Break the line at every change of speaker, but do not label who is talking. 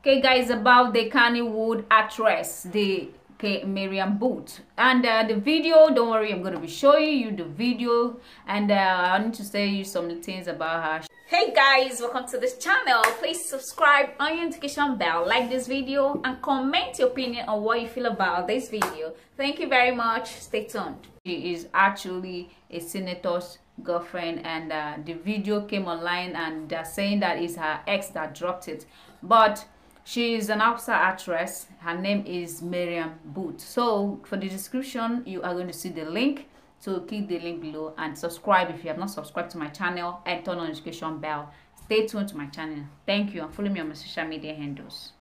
okay guys about the Wood actress the okay Miriam Boot and uh, the video don't worry I'm gonna be showing you the video and uh, I need to say you some things about her hey guys welcome to this channel please subscribe on your notification bell like this video and comment your opinion on what you feel about this video thank you very much stay tuned she is actually a senator's girlfriend and uh, the video came online and they're saying that it's her ex that dropped it but she is an Hausa actress. Her name is Miriam Boot. So for the description, you are going to see the link. So click the link below and subscribe if you have not subscribed to my channel and turn on the notification bell. Stay tuned to my channel. Thank you and follow me on my social
media handles.